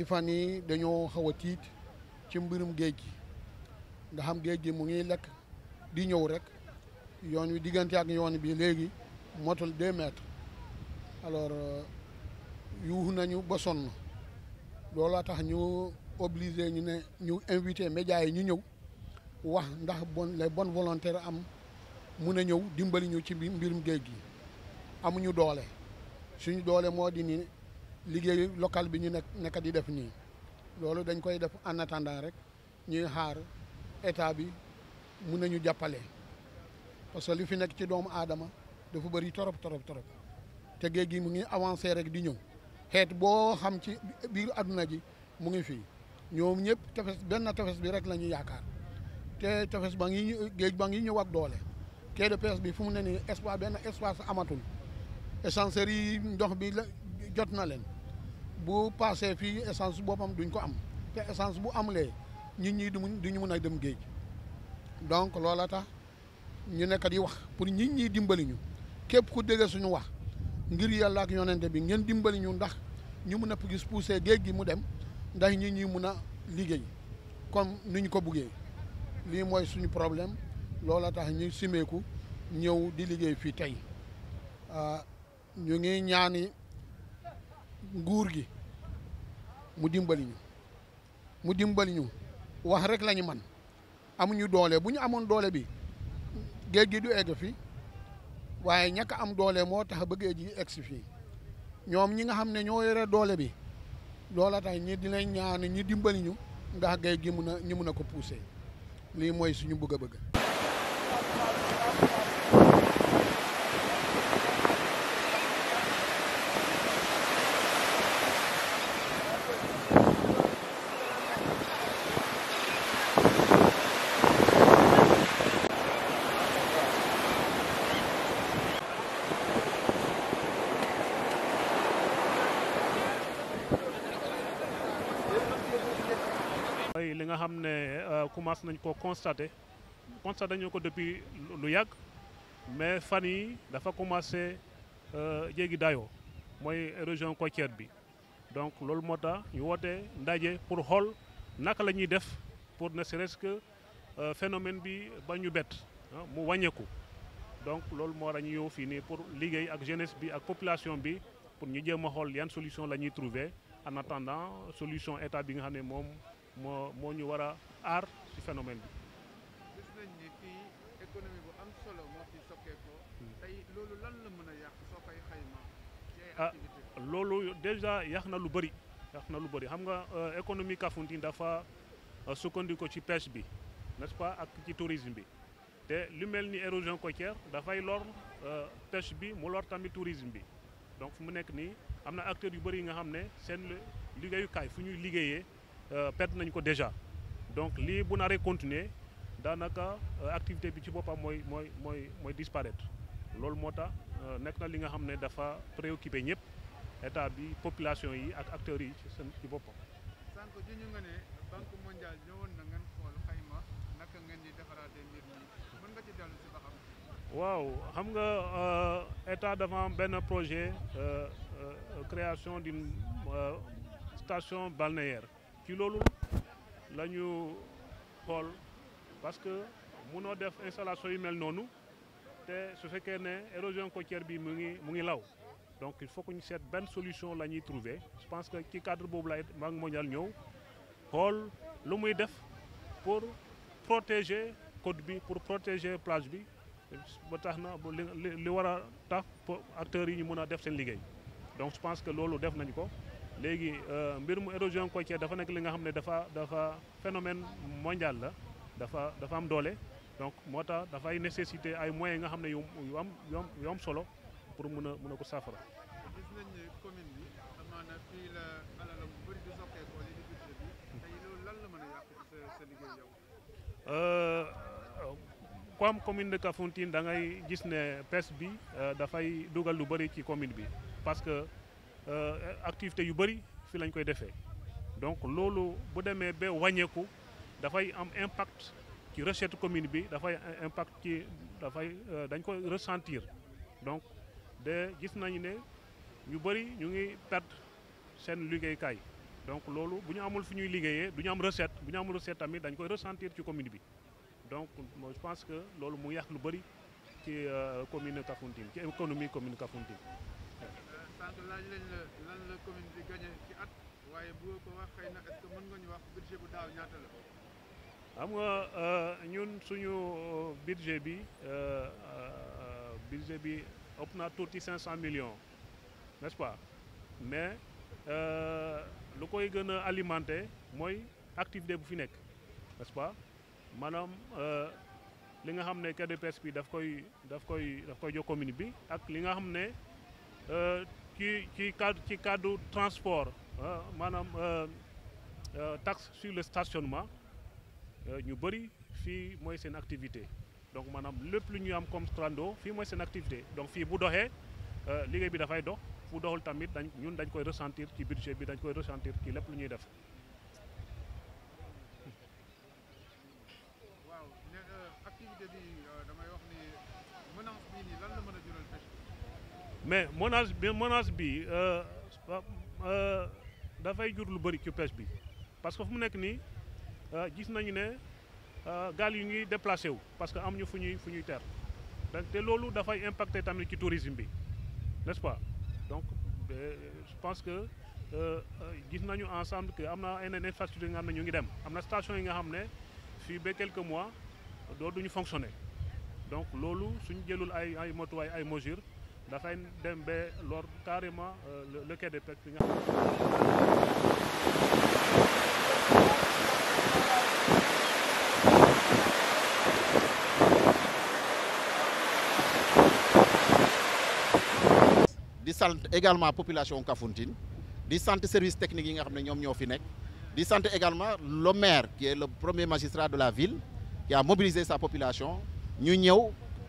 ci fan yi dañoo xaw a tiit ci mbirum géej gi nga xam géej gi mu ngi lekk di ñëw rek yoon wi diggante ak yoon bi léegi motul deux mètres alors euh, yuuxu nañu ba sonn looloo tax ñu obligé ñu ne ñu invité médias yi ñu ñëw wax ndax bon les bonnes am mun a ñëw dimbali ñu ci mbirum géej gi amuñu doole suñu doole moo dini liggéey local bi ñu nekk nekk di def nii loolu dañ koy def en attendant rek ñuy xaar état bi mun nañu jàppale parce que li fi nekk ci doomu aadama dafa bëri torop torop torop te géej gi mu ngi avancé rek di ñëw xeet boo xam ci biir àdduna ji mu ngi fii ñoom ñëpp tefes benn tefes bi rek la ñu yaakaar te ba ngi ba ngi doole de bi fu mu ne amatul yi ndox bi jot na leen bu passé fi essence bopam duñ ko am té essence bu am lé ñi duñ duñ mëna dem geej donc lola tax ñu nekk di wax pour ñi ñi dimbali ñu képp ku déggé suñu wax ngir yalla ak yonenté bi ngeen dimbali ñu ndax ñu mëna pu gis pousser geej gi mu dem ndax ñi ñi mëna liggéey comme niñ ko buggé li moy suñu problème lola tax ñu simeeku ñew di liggéey tay ah ñu ngi ñaani nguur gi mu dimbali ñu mu dimbali ñu wax rek lañu man amuñu doole bu ñu amoon doole bi géej gi du egg fi waaye ñàkk am doole moo tax ba géej gi si fii ñoom ñi nga xam ne ñoo yore doole bi loola tax ñi dinañ ñaan ñi dimbali ñu ndax géej gi mun a ñu mun a ko pousser lii mooy suñu bëgg-bëgg. xam euh commencé nañ ko constater constaté nañu ko depuis lu yag mais fani yi dafa commencé djegi euh, dayo moy érosion côtière bi donc loolu mota tax ñu woote ndaje pour hol naka lañuy def pour ne serait-ce que euh, phénomène bi bañu ñu ah, mu wàññeeku donc loolu mo la yow pour liguey ak jeunesse bi ak population bi pour ñu jëma a yane solution lañuy trouver en attendant solution état bi nga xamné mom moo moo ñu war a ci phénomène bi. gis nañ ni fii économie bu am solo moo fi sokkeekoo hmm. tey loolu lan la mën a yàq soo koy xayma ah, activité loolu déjà yàq lu bëri yàq lu bëri xam nga euh, économie Kafountine dafa euh, ko ci pêche bi n'est-ce pas ak ci tourisme bi té lu melni érosion côtière da fay lor euh, pêche bi mu lor tamit tourisme bi donc fu mu nekk ni amna acteur yu bëri nga xamné sen seen kay fu ñuy liggéeyee. Euh, perte nañ ko déjà donc li bu naree continuer daanaka euh, activité bi ci bopam moy moy moy moy disparaître loolu mota euh, nek na li nga xamné dafa préoccuper ñep état bi population yi ak acteurs yi ci seen ci boppam. sànq juñu nga né banque mondiale ñewon na ngeen xol xayma naka ngeen di defaraatee mbir mi mën nga ci delu ci ba xam. waaw xam nga état dafa am benn projet création d'une station balnéaire ci loolu la ñu parce que mënoo def installation yu mel nonu te su fekkee ne érosion côtière bi mu ngi mu ngi law donc il faut que ñu seet benn solution la ñuy trouver je pense que ci cadre boobu lay Banque mondiale ñëw xool lu muy def pour protéger côte bi pour protéger plage bi ba tax na li li war a tax yi ñu def seen liggéey donc je pense que loolu def nañu ko léegi euh, mbir mu érosion côtière dafa nekk li nga xam ne dafa dafa phénomène mondial la dafa dafa am doole donc moo tax dafay nécessité ay moyens yi nga xam ne yu am yu am solo pour mun a mun ko saafara. gis nañ ne euh, commune de Kafountine da ngay gis ne pêche bi euh, dafay dugal lu bëri ci commune bi parce que. Euh, activité yu bari fi lañ koy défé donc lolu bu demee ba da fay am impact ci recette commune bi fay impact ci fay euh, dañ koy ressentir donc de gis nañ né ñu bari ñu ngi perdre seen kay donc lolu bu ñu amul fi ñuy liggéeyee du ñu am recette bu ñu amul recette tamit dañ koy ressentir ci commune bi donc je pense que lolu mu yàq lu bari ci euh, commune Kafountine ci économie commune Kafountine sànq laaj lañ la commune bi gagné ci at waaye bu ko wax xëy na est mën nga ñu wax budget bu daaw ñaata la. xam euh, ñun suñu euh, budget bi euh, budget bi ëpp na tuuti 500 millions n'est-ce pas mais lu koy gën a alimenter mooy activité bu fi nekk n'est-ce pas maanaam. li nga xam ne quai de bi daf koy daf koy daf koy jox commune bi ak li nga xam ne qui cadre qui cadre transport hein, euh, euh, taxe sur le stationnement euh, ñu bari fi moy sen activité donc madame le lu nous am comme trando fi moy sen activité donc fi bu doxee euh, ligue bi fay dox fu doxul tamit ñun dañ koy ressentir ci budget bi dañ koy ressentir ci lepp lu ñuy def mais menace bi menace bi euh, euh, euh, fay jour lu bari ci pêche bi parce que fu mu ni euh gis nañu euh gal yu ngi déplacé parce que am ñu fu ñuy fu ñuy teer donc te loolu dafay impacter tamit ci tourisme bi n'est-ce pas donc je pense que gis nañu ensemble que amna une infrastructure nga xam ñu ngi dem amna station yi nga xamné fi fii quelques mois do duñu fonctionner donc lolu suñu jëlul ay ay motuwaay ay mesures dafay également d'embe lor carrément euh, le quai de population Kafountine di service technique qui nga xam ne également le maire qui est le premier magistrat de la ville qui a mobilisé sa population ñu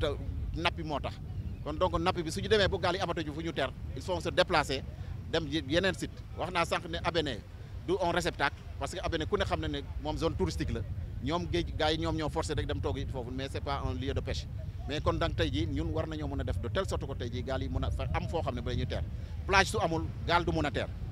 te napi moo tax kon donc napi bi su ñu demee bu gaal yi amatuñu fu ñu ter il faut se déplacer dem yeneen site wax naa sànq ne Abéné du un réceptacle parce que Abéné ku ne xam ne ne moom zone touristique la ñoom géej gars yi ñoom ñoo forcé rek dem toog it foofu mais c'est pas un lieu de pêche mais kon dang tey jii ñun war nañoo mën a def de telle sorte que tey jii gaal yi mën a am foo xam ne ba dañuy teer plage su amul gaal du mën a teer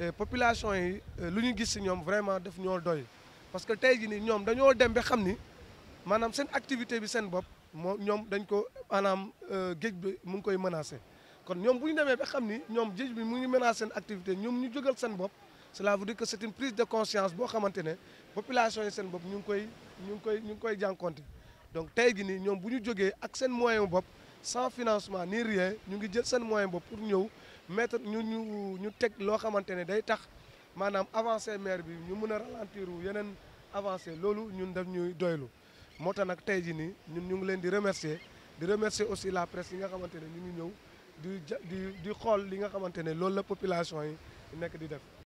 Euh, population yi euh, lu ñu gis ñom vraiment def ñoo doy parce que tey jii ñom dañoo dem ba xamni manam maanaam seen activité bi seen bop ñom dañ ko maanaam euh, géej bi mu ngi koy menacé kon ñom buñu démé demee ba xam ni ñoom bi mu ngi menacer seen activité ñom ñu jógal seen bop cela veut dire que c'est une prise de conscience bo xamantene population yi seen bop ñu ngi koy ñu ngi koy ñu ngi koy jànkonte donc tey jii ñom buñu joggé ak seen moyen bop sans financement ni rien ñu ngi jël seen moyen bop pour ñew mettre ñu ñu ñu teg loo xamante ne day tax maanaam avancé maire bi ñu mun a ralentir yeneen avancer loolu ñun daf ñuy doylu moo tax nag tey jii nii ñun ñu ngi leen di remercier di remercier aussi la presse yi nga xamante ne ñu ngi ñëw di di di xool li nga xamante ne loolu la population yi nekk di def